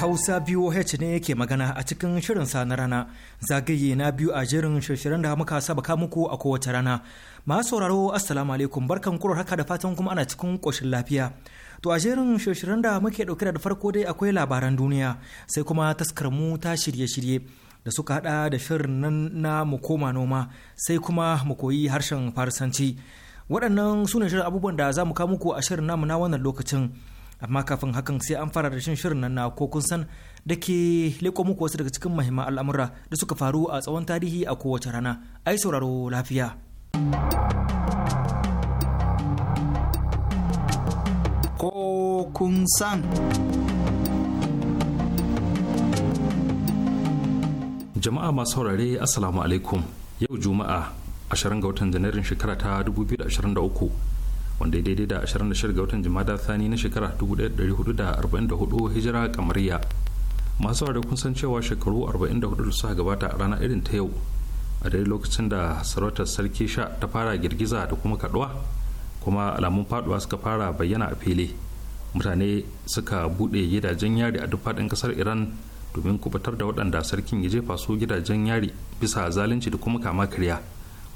Hausa VOH ne yake magana a cikin shirin sa na rana zagaye na biyu a jirin shirin da muka saba ka muku a kowace rana. Masu sauraro Assalamu alaikum barkan kuro haka da fatan kuma ana cikin koshin lafiya. To a jerin shirin da muke ɗauke da farko dai akwai labaran duniya sai kuma taskar mu ta shirye-shirye da suka hada da shirin nan na mu koma noma sai kuma mu koyi harshen Farsanci. Waɗannan su ne shirin abubuwan da za mu kawo muku a shirin namu na wannan lokacin. amma kafin hakan sai an fara da shirin nan na ko kun san da ke leko muku wasu daga cikin mahimman al'amura da suka faru a tsawon tarihi a kowace rana ai sauraro lafiya ko kun san jama'a masu saurare assalamu alaikum yau juma'a 20 ga watan janairun shekara ta 2023 wanda daidai da 26 ga watan jimada thani na shekara 1444 hijira kamariya masu ware kun san cewa shekaru 44 da suka gabata a rana irin ta yau a dare lokacin da sarautar sarki sha ta fara girgiza da kuma kaduwa kuma alamun faduwa suka fara bayyana a fili mutane suka bude gidajen yari a duk faɗin ƙasar iran domin kubutar da waɗanda sarkin ya jefa su gidajen yari bisa zalunci da kuma kama karya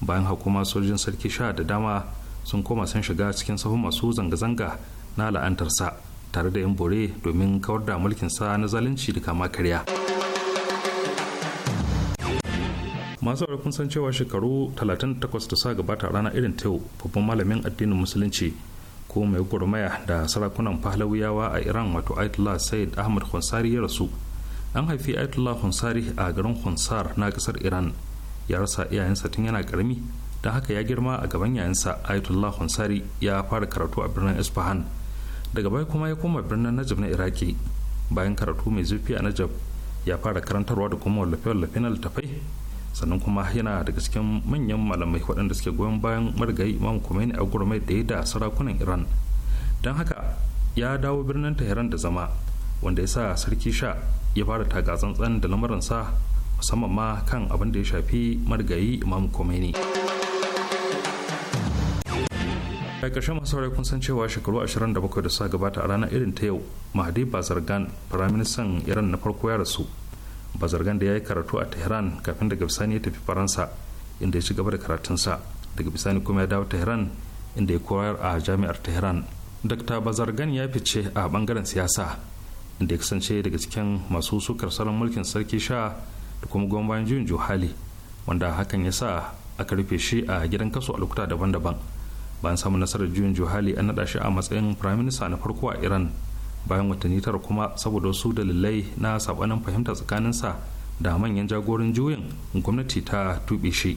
bayan hakuma sojin sarki sha da dama sun koma sun shiga cikin sahun masu zanga-zanga na la'antarsa tare da yin bore domin kawar da mulkin sa na zalunci da kama karya. masu kun san cewa shekaru 38 da sa gabata rana irin ta yau babban malamin addinin musulunci ko mai gurmaya da sarakunan pahlawiyawa a iran wato ayatollah said ahmad khonsari ya rasu an haifi ayatollah khonsari a garin khonsar na kasar iran ya rasa iyayensa tun yana karami don haka ya girma a gaban yayansa ayatollah Hunsari ya fara karatu a birnin isfahan daga baya kuma ya koma birnin najib na iraki bayan karatu mai zurfi a najib ya fara karantarwa da kuma wallafe-wallafe na littafai sannan kuma yana daga cikin manyan malamai waɗanda suke goyon bayan marigayi imam khomeini a gurmai da ya da sarakunan iran don haka ya dawo birnin tehran da zama wanda ya sa sarki sha ya fara taga tsantsan da lamarinsa musamman ma kan abin da ya shafi marigayi imam khomeini da ƙarshen masu saurari kun san cewa shekaru 27 da suka gabata a ranar irin ta yau mahdi bazargan firaministan iran na farko ya rasu bazargan da ya yi karatu a tehran kafin daga bisani ya tafi faransa inda ya ci gaba da karatunsa daga bisani kuma ya dawo tehran inda ya koyar a jami'ar tehran dr bazargan ya fice a bangaren siyasa inda ya kasance daga cikin masu sukar salon mulkin sarki sha da kuma bayan juyin juhali wanda hakan ya sa aka rufe shi a gidan kaso a lokuta daban-daban bayan samun nasarar juyin juhali an naɗa shi a matsayin prime minister na farko a iran bayan watanni tara kuma saboda wasu dalilai na sabanin fahimta tsakaninsa da manyan jagorin juyin gwamnati ta tuɓe shi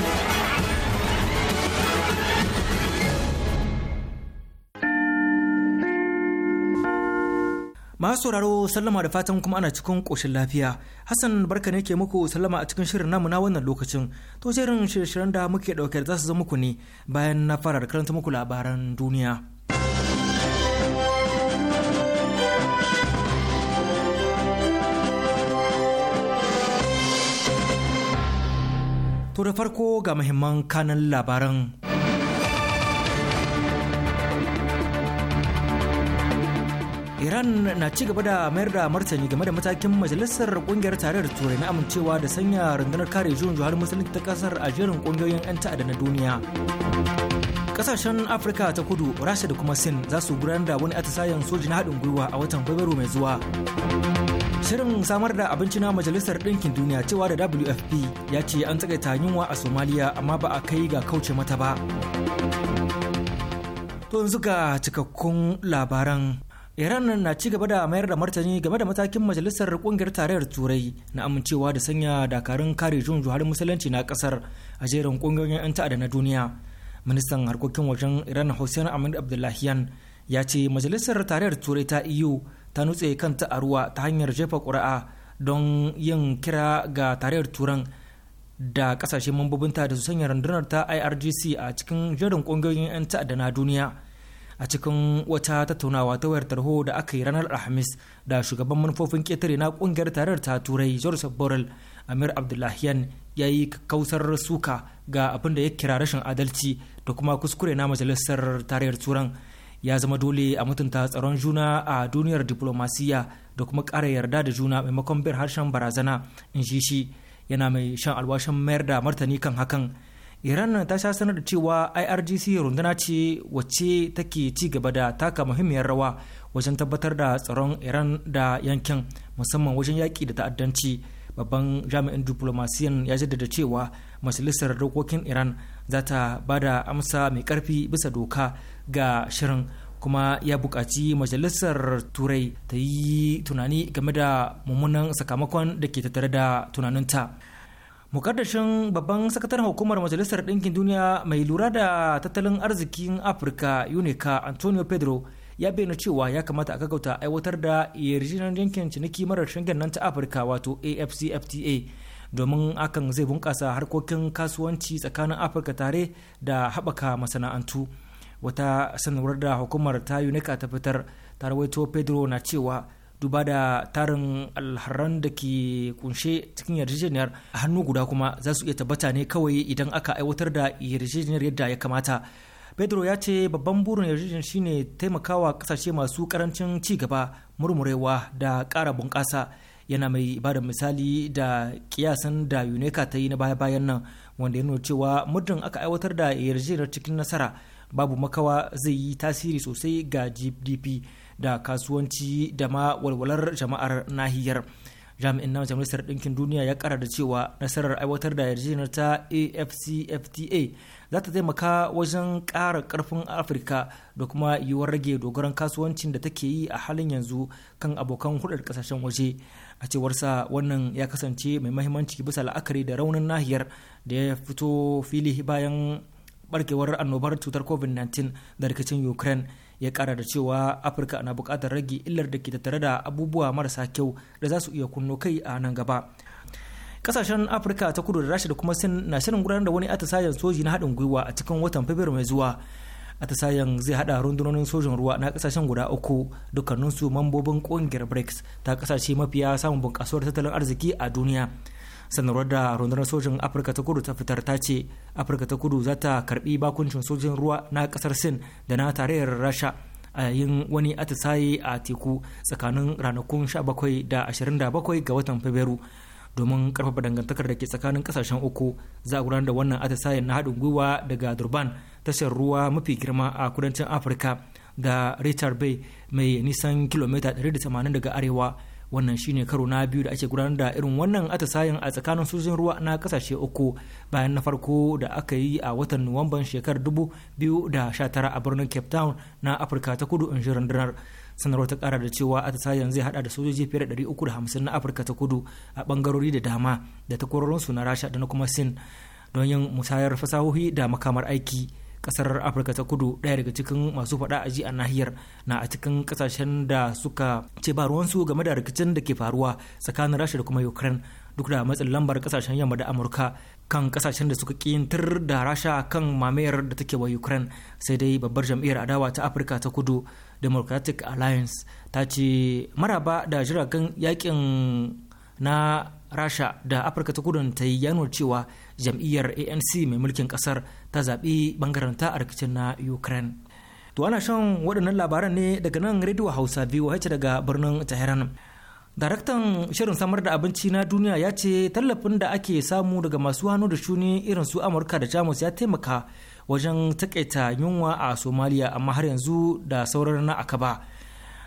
masu sauraro sallama da fatan kuma ana cikin ƙoshin lafiya hassan barka ne ke muku sallama a cikin shirin namu na wannan lokacin to jerin shirye-shiryen da muke ɗauke za su zo muku ne bayan na fara da karanta muku labaran duniya to da farko ga muhimman kanan labaran iran na ci gaba da mayar da martani game da matakin majalisar kungiyar tarayyar turai na amincewa da sanya rundunar kare juyin juhar musulunci ta kasar a jerin kungiyoyin 'yan ta'adda na duniya kasashen afirka ta kudu rasha da kuma sin za su gudanar da wani atisayen soji na haɗin gwiwa a watan fabrairu mai zuwa shirin samar da abinci na majalisar ɗinkin duniya cewa da wfp ya ce an tsagaita yunwa a somaliya amma ba a kai ga kauce mata ba to yanzu cikakkun labaran iran na ci gaba da mayar da martani game da matakin majalisar kungiyar tarayyar turai na amincewa da sanya dakarun kare jun juhar musulunci na kasar a jerin kungiyoyin 'yan ta'adda na duniya ministan harkokin wajen iran hussein amin abdullahiyan ya ce majalisar tarayyar turai ta eu ta nutse kan a ruwa ta hanyar jefa ƙuri'a don yin kira ga tarayyar turan da kasashe mambobinta da su sanya rundunar ta irgc a cikin jerin kungiyoyin 'yan ta'adda na duniya a cikin wata tattaunawa ta wayar tarho da aka yi ranar alhamis da shugaban manufofin ketare na kungiyar tarayyar ta turai george borrell amir abdullahian ya yi kausar suka ga abin da ya kira rashin adalci da kuma kuskure na majalisar tarayyar turan ya zama dole a mutunta tsaron juna a duniyar diplomasiya da kuma ƙara yarda da juna maimakon bin harshen barazana in shi shi yana mai shan alwashin mayar da martani kan hakan iran ta sha sanar da cewa irgc runduna ce wacce take ci gaba da taka muhimmiyar rawa wajen tabbatar da tsaron iran da yankin musamman wajen yaƙi da ta'addanci babban jami'in diplomasiyan ya jaddada cewa majalisar dokokin iran za ta ba da amsa mai karfi bisa doka ga shirin kuma ya buƙaci majalisar turai ta yi tunani game da mummunan sakamakon da ke tattare da tunaninta mukaddashin babban sakataren hukumar majalisar ɗinkin duniya mai lura da tattalin arzikin afirka unica antonio pedro ya bayyana cewa ya kamata a gaggauta aiwatar da yarjejeniyar yankin ciniki marar shingen nan ta afirka wato afcfta domin hakan zai bunƙasa harkokin kasuwanci tsakanin afirka tare da haɓaka masana'antu wata sanarwar da hukumar ta unica ta fitar rawaito pedro na cewa duba da tarin alharan da ke kunshe cikin yarjejeniyar a hannu guda kuma za su iya tabbata ne kawai idan aka aiwatar da yarjejeniyar yadda ya kamata pedro ya ce babban burin yarjejeniyar shine taimakawa kasashe masu karancin ci gaba murmurewa da kara bunƙasa yana mai ba misali da kiyasan da uneka ta yi na baya-bayan nan wanda ya nuna cewa muddin aka aiwatar da yarjejeniyar cikin nasara babu makawa zai yi tasiri sosai ga gdp da kasuwanci da ma walwalar jama'ar nahiyar jami'in na majalisar ɗinkin duniya ya kara da cewa nasarar aiwatar da yarjejeniyar ta afcfta za ta taimaka wajen ƙara ƙarfin afirka da kuma yiwuwar rage dogaran kasuwancin da take yi a halin yanzu kan abokan hudar ƙasashen waje a cewarsa wannan ya kasance mai mahimmanci bisa la'akari da raunin nahiyar da ya fito fili bayan barkewar annobar cutar covid-19 da rikicin ukraine ya kara da cewa afirka na bukatar rage illar da ke tattare da abubuwa marasa kyau da za su iya kunno kai a nan gaba kasashen afirka ta kudu da rasha da kuma sin na shirin gudanar da wani atisayen soji na haɗin gwiwa a cikin watan fabrairu mai zuwa atisayen zai hada rundunonin sojin ruwa na kasashen guda uku dukkaninsu mambobin kungiyar brics ta kasashe mafiya samun bunkasuwar tattalin arziki a duniya sanarwar da rundunar sojin afirka ta kudu ta fitar ta ce afirka ta kudu za ta karbi bakuncin sojin ruwa na kasar sin da na tarayyar rasha a yayin wani atisaye a teku tsakanin ranakun 17 da 27 ga watan fabrairu domin karfafa dangantakar da ke tsakanin kasashen uku za a gudanar da wannan atisayen na haɗin gwiwa daga durban tashar ruwa mafi girma a kudancin afirka da richard bay mai nisan kilomita 180 daga arewa wannan shine karo na biyu da ake gudanar da irin wannan atisayen a tsakanin sojojin ruwa na kasashe uku bayan na farko da aka yi a watan nuwamban shekarar 2019 a birnin cape town na afirka ta kudu in rundunar sanarwar ta kara da cewa atisayen zai hada da sojoji fiye da 350 na afirka ta kudu a bangarori da dama da takwarorinsu na rasha da na kuma sin don yin musayar fasahohi da makamar aiki kasar afirka ta kudu daya daga cikin masu fada a ji a nahiyar na a cikin kasashen da suka ce ba ruwansu game da rikicin da ke faruwa tsakanin rasha da kuma ukraine duk da matsin lambar kasashen yamma da amurka kan kasashen da suka kiyantar da rasha kan mamayar da take wa ukraine sai dai babbar jam'iyyar adawa ta afirka ta kudu democratic alliance ta ce maraba da jiragen yakin na rasha da afirka ta kudu ta yi yanuwar cewa jam'iyyar anc mai mulkin kasar ta zaɓi bangaren ta a rikicin na ukraine to ana shan waɗannan labaran ne daga nan rediyo hausa voh daga birnin tehran daraktan shirin samar da abinci na duniya ya ce tallafin da ake samu daga masu hannu da shuni irin su amurka da jamus ya taimaka wajen takaita yunwa a somaliya amma har yanzu da sauran na akaba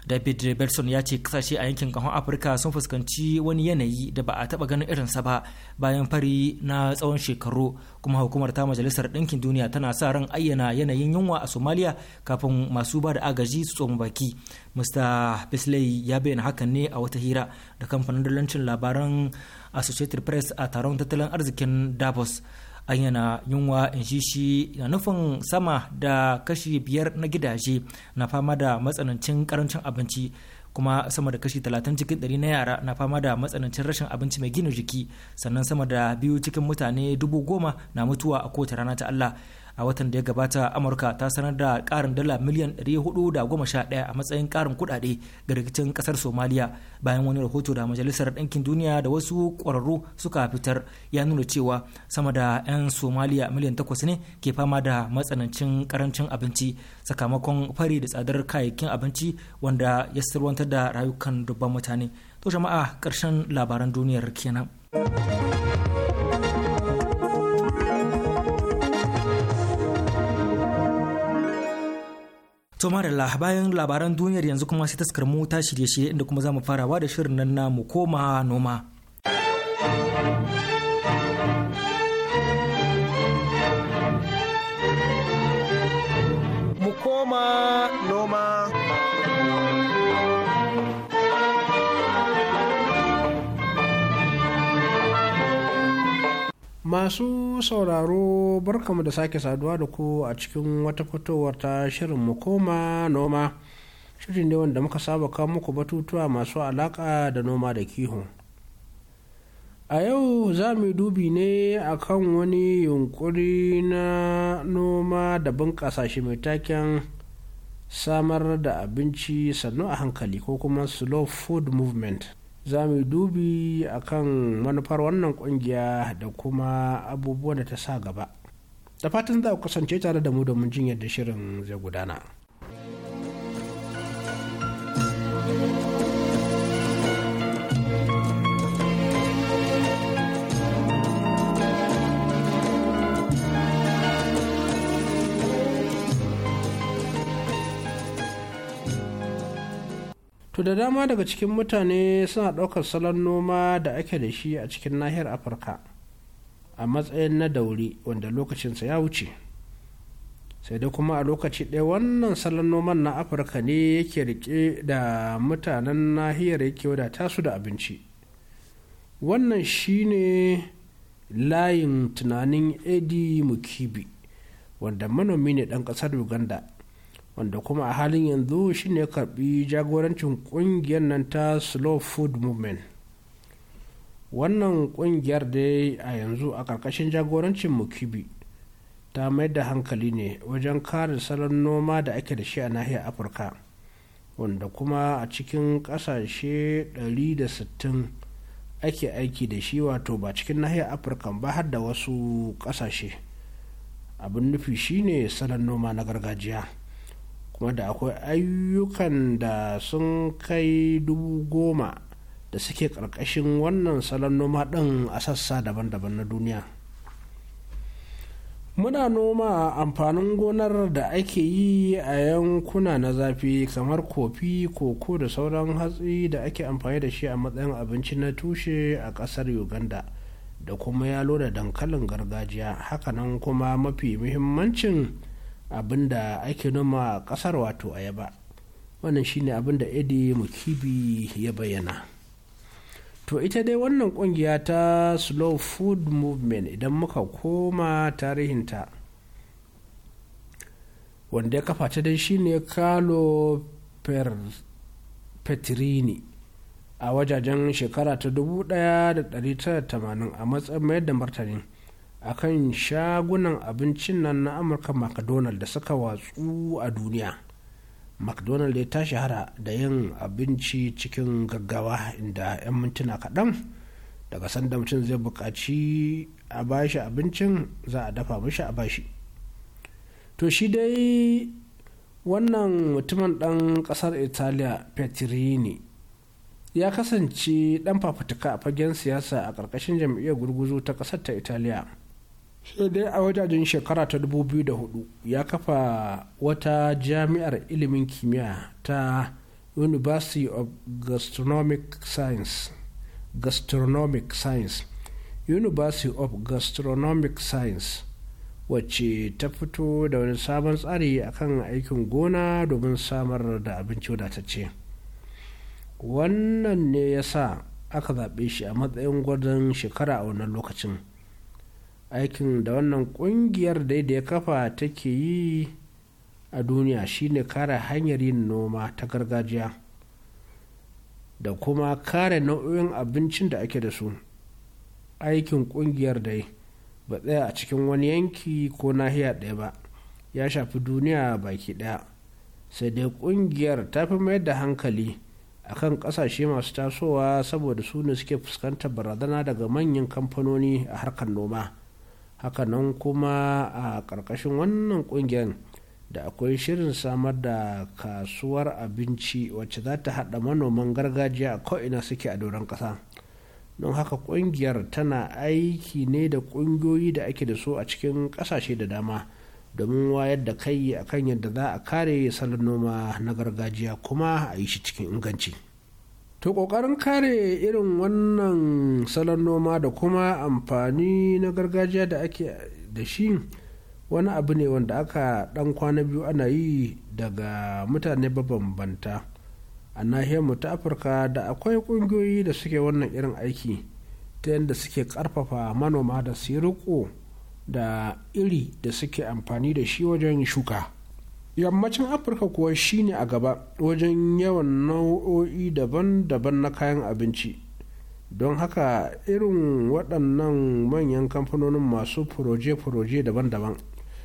david belson ya ce kasashe a yankin kahon afirka sun fuskanci wani yanayi da ba a taba ganin irinsa ba bayan fari na tsawon shekaru kuma hukumar ta majalisar ɗinkin duniya tana sa ran ayyana yanayin yunwa a somalia kafin masu ba da agaji su tsoma baki mr bisley ya bayyana hakan ne a wata hira da kamfanin dalancin labaran associated press a taron tattalin arzikin davos ayyana yunwa in shi shi na nufin sama da kashi biyar na gidaje na fama da matsanancin karancin abinci kuma sama da kashi 30 cikin 100 na yara na fama da matsanancin rashin abinci mai gina jiki sannan sama da biyu cikin mutane dubu goma na mutuwa a kowace rana ta Allah a watan da ya gabata amurka ta sanar da karin dala miliyan 411 a matsayin karin kudade ga rikicin kasar somaliya bayan wani rahoto da majalisar ɗinkin duniya da wasu ƙwararru suka fitar ya nuna cewa sama da 'yan somaliya miliyan 8 ne ke fama da matsanancin karancin abinci sakamakon fari da tsadar kayayyakin abinci wanda ya sirwantar da rayukan dubban mutane to jama'a ƙarshen labaran duniyar kenan. To marilla bayan labaran duniyar yanzu kuma sai taskar mu ta shirye-shirye inda kuma za mu farawa da shirin nan namu mu koma noma. masu sauraro barkamu da sake saduwa da ku a cikin wata fitowar ta shirin mu koma noma shirin ne wanda muka saba kawo muku batutuwa masu alaka da noma da kiho a yau za mu dubi ne akan wani yunkuri na noma da bunƙasa shi mai taken samar da abinci sannu a hankali ko kuma slow food movement za mu dubi a kan manufar wannan kungiya da kuma abubuwan da ta sa gaba da fatan za ku kasance tare da mu domin jin yadda shirin zai gudana. to da dama daga cikin mutane suna ɗaukar salon noma da ake da shi a cikin nahiyar afirka a matsayin na dauri wanda lokacinsa ya wuce sai dai kuma a lokaci ɗaya wannan salon noman na afirka ne yake rike da mutanen nahiyar yake wadata su da abinci wannan shine layin tunanin edi mukibi wanda manomi ne ɗan ƙasar uganda wanda kuma a halin yanzu shine ya karbi jagorancin kungiyar nan ta slow food movement wannan kungiyar dai a yanzu a karkashin jagorancin mukibi ta mai da hankali ne wajen kare salon noma da ake da shi a nahiyar afirka wanda kuma a cikin kasashe 160 ake aiki da shi wato ba cikin nahiyar afirka ba har da wasu kasashe abin nufi shine salon noma na gargajiya wanda akwai ayyukan da sun kai dubu goma da suke ƙarƙashin wannan salon noma ɗin a sassa daban-daban na duniya muna noma amfanin gonar da ake yi a yankuna na zafi kamar kofi koko da sauran hatsi da ake amfani da shi a matsayin abinci na tushe a ƙasar uganda da kuma yalo da dankalin gargajiya hakanan kuma mafi muhimmancin abinda ake noma a ƙasar wato ayaba wannan shine abin da edi mukibi ya bayyana to ita dai wannan kungiya ta slow food movement idan muka koma tarihinta wanda ya kafa ta dai shine carlo petrini a wajajen shekara ta 1980 a matsayin mayar da martanin akan shagunan abincin nan na amurka mcdonald da suka watsu a duniya mcdonald ya ta shahara da yin abinci cikin gaggawa inda 'yan mintuna kaɗan daga sanda mutum zai buƙaci a bashi abincin za a dafa mashi a bashi to shi dai wannan mutumin ɗan ƙasar italiya petrini ya kasance ɗan fafutuka a fagen siyasa a ƙarƙashin jam'iyyar gurguzu ta ƙasar ta italiya sai dai a wajajen shekara ta 2004 ya kafa wata jami'ar ilimin kimiyya ta university of gastronomic science gastronomic science university of gastronomic science wacce ta fito da wani sabon tsari akan aikin gona domin samar da abinci wadatacce wannan ne ya sa aka zaɓe shi a matsayin gwajin shekara a wannan lokacin aikin da wannan kungiyar da ya kafa take yi a duniya shine kare hanyar yin noma ta gargajiya da kuma kare nau'o'in abincin da ake da su aikin kungiyar dai ba tsaya a cikin wani yanki ko nahiya ɗaya ba ya shafi duniya baki ɗaya sai dai kungiyar ta fi mayar da hankali akan ƙasashe masu tasowa saboda su ne suke fuskantar barazana daga manyan kamfanoni a harkar noma. hakanan kuma a ƙarƙashin wannan ƙungiyar da akwai shirin samar da kasuwar abinci wacce za ta haɗa manoman gargajiya a ko'ina suke a doron ƙasa don haka ƙungiyar tana aiki ne da ƙungiyoyi da ake da su a cikin ƙasashe da dama domin wayar da kai akan yadda za a kare salon noma na gargajiya kuma a yi shi cikin inganci. to ƙoƙarin kare irin wannan salon noma da kuma amfani na gargajiya da ake da shi wani abu ne wanda aka ɗan kwana biyu ana yi daga mutane mabambanta a nahiyarmu ta afirka da akwai ƙungiyoyi da suke wannan irin aiki ta yadda suke ƙarfafa manoma da su riko da iri da suke amfani da shi wajen shuka yammacin afirka kuwa shine a gaba wajen yawan nau'o'i daban-daban na kayan abinci don haka irin waɗannan manyan kamfanonin masu furoje-furoje daban-daban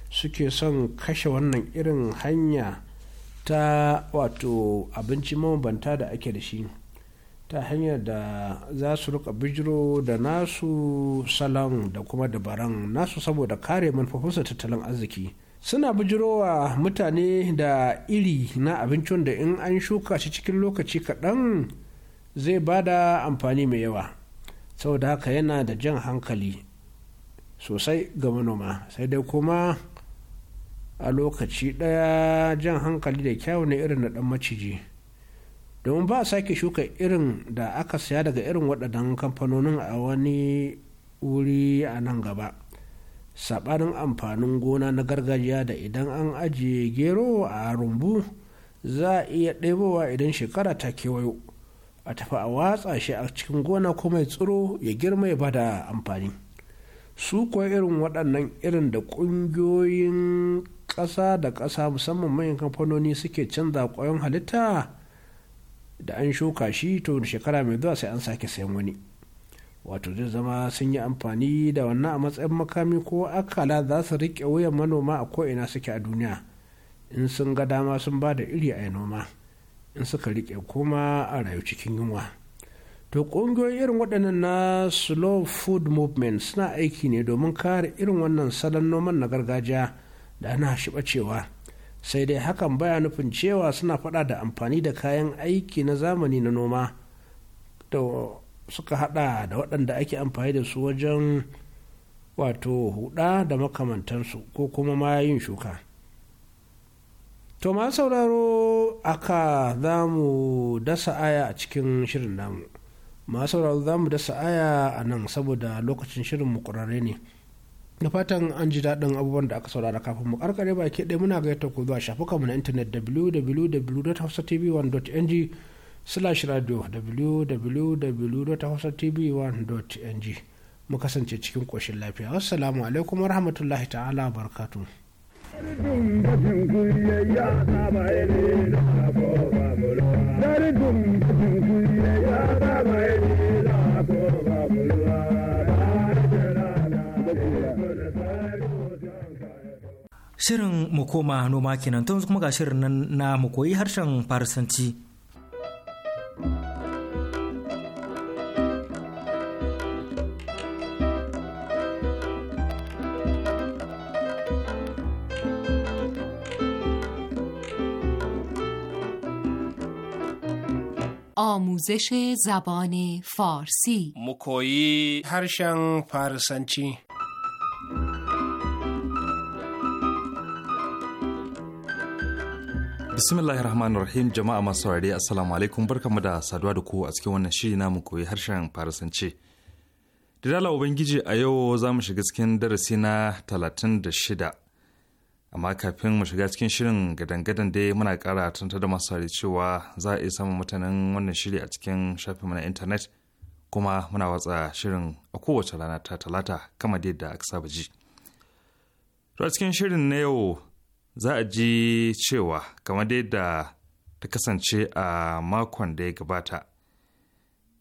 suke son kashe wannan irin hanya ta wato abinci mambanta da ake da shi ta hanyar da za su rika bijiro da nasu salon da kuma dabaran nasu saboda kare manufofinsa tattalin arziki. suna bijirowa mutane da iri na abincin da in an shuka shi cikin lokaci kaɗan zai ba da amfani mai yawa saboda haka yana da jan hankali sosai ga manoma sai dai kuma a lokaci ɗaya jan hankali da kyawun na irin na ɗan maciji domin ba a sake shuka irin da aka saya daga irin waɗannan kamfanonin a wani wuri a nan gaba saɓanin amfanin gona na gargajiya da idan an ajiye gero a rumbu za a iya ɗebowa idan shekara ta kewayo a tafi a watsa shi a cikin gona ko mai tsiro ya girma ya bada amfani su kuwa irin waɗannan irin da ƙungiyoyin ƙasa da ƙasa musamman manyan kamfanoni suke canza ƙwayon halitta da an shuka shi to shekara mai zuwa sai an sake sayan wani wato zai zama sun yi amfani da wannan a matsayin makami ko akala za su riƙe wuyan manoma a ko'ina suke a duniya in sun ga dama sun ba da iri a noma in suka riƙe kuma a rayu cikin yunwa to ƙungiyoyi irin waɗannan na slow food movement suna aiki ne domin kare irin wannan salon noman na gargajiya da ana shiɓacewa sai dai hakan baya nufin cewa suna faɗa da amfani da kayan aiki na zamani na noma suka hada da waɗanda ake amfani da su wajen wato huda da makamantansu ko kuma ma yin shuka to ma sauraro aka za mu dasa aya a cikin shirin namu ma sauraro za mu dasa aya a nan saboda lokacin shirin mu kurare ne na fatan an ji daɗin abubuwan da aka saurara kafin mu karkare baki ɗaya muna gaita ku zuwa shafukanmu na intanet www.hausatv1.ng slash radio www.hausatv1.ng mu kasance cikin ƙoshin lafiya wassalamu alaikum warahmatullahi ta'ala barkatu Shirin mu koma noma kenan tun kuma ga shirin nan na mu koyi harshen Farisanci. آموزش زبان فارسی مکویی هرشن فارسنچی bismillahir rahmanir rahim jama'a masu saurare assalamu alaikum barkamu da saduwa da ku a cikin wannan shiri na mu koyi harshen farisanci da dala ubangiji a yau za mu shiga cikin darasi na 36 amma kafin mu shiga cikin shirin gadan-gadan dai muna kara tunta da masu sauri cewa za a iya samun mutanen wannan shiri a cikin shafin mana intanet kuma muna watsa shirin a kowace rana ta talata kama da aka saba ji. a cikin shirin na yau za a ji cewa kama dai da ta kasance a makon da ya gabata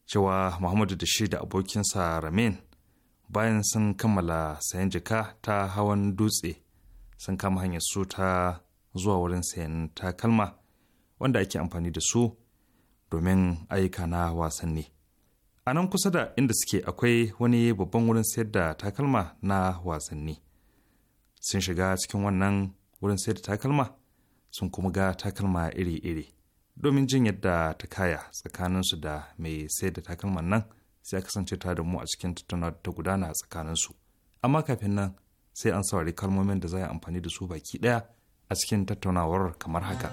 cewa muhammadu da shi da abokinsa ramin bayan sun kammala sayan jika ta hawan dutse sun kama hanyar su ta zuwa wurin sayan takalma wanda ake amfani da su domin ayyuka na wasanni. A nan kusa da inda suke akwai wani babban wurin sayar da takalma na wasanni. Sun shiga cikin wannan wurin sayar da takalma sun kuma ga takalma iri-iri. Domin jin yadda ta kaya tsakaninsu da mai sayar da takalman nan sai kasance ta da mu a cikin tattauna ta gudana tsakaninsu. Amma kafin nan sai an saurari kalmomin da za a amfani da su baki ɗaya a cikin tattaunawar kamar haka.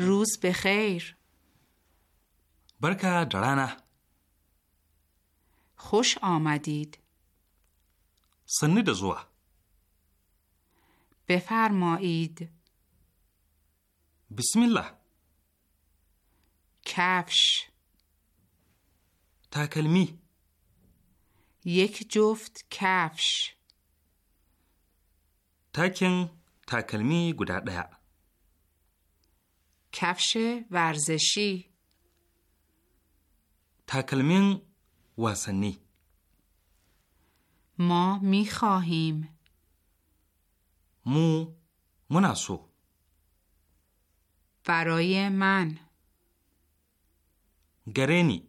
da rana. rana درانه خوش da zuwa. دزوه بفرمایید بسم الله کفش تاکلمی یک جفت کفش تکن تاکلمی گده کفش ورزشی تاکلمین واسنی ما می خواهیم مو مناسو برای من گرینی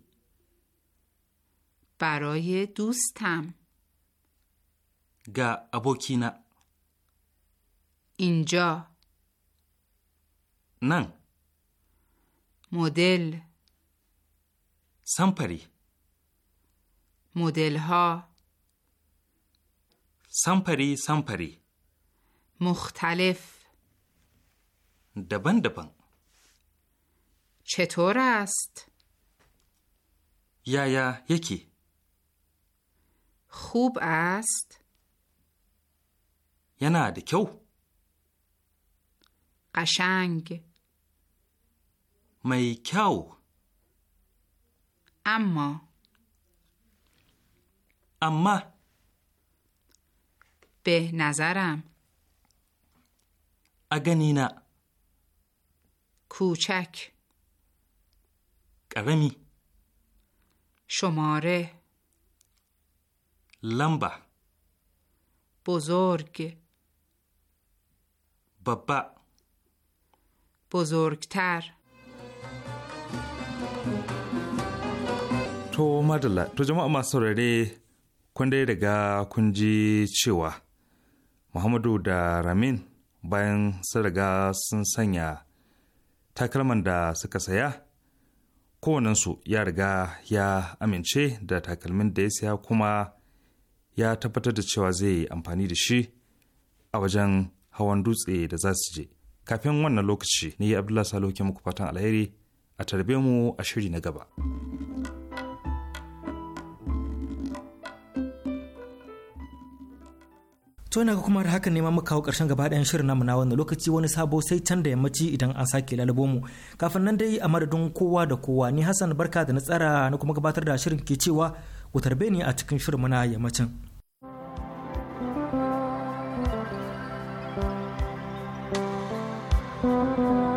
برای دوستم گا ابوکینا اینجا نن مدل سامپری مدل ها سامپری سامپری مختلف دبن دبن چطور است؟ یا یا یکی خوب است؟ یا نه دکو قشنگ میکو اما اما به نظرم اگنینا کوچک Ƙarami. شماره Lamba. بزرگ بابا بزرگتر to madalla to jama'a masu saurare kun dai daga kun ji cewa muhammadu da ramin bayan sun riga sun sanya takalman da suka saya kowanensu ya riga ya amince da takalmin da ya saya kuma ya tabbatar da cewa zai yi amfani da shi a wajen hawan dutse da za su je kafin wannan lokaci ne abdullahi salo lokacin muku fatan alheri a tarbe mu a shiri na gaba. to ina kuma da hakan ne ma muka kawo karshen gaba ɗayan shirin namu na wannan lokaci wani sabo sai can da yammaci idan an sake lalabo mu kafin nan dai a madadin kowa da kowa ni Hassan barka da na tsara na kuma gabatar da shirin ke cewa ku tarbe ni a cikin shirin muna yammacin thank you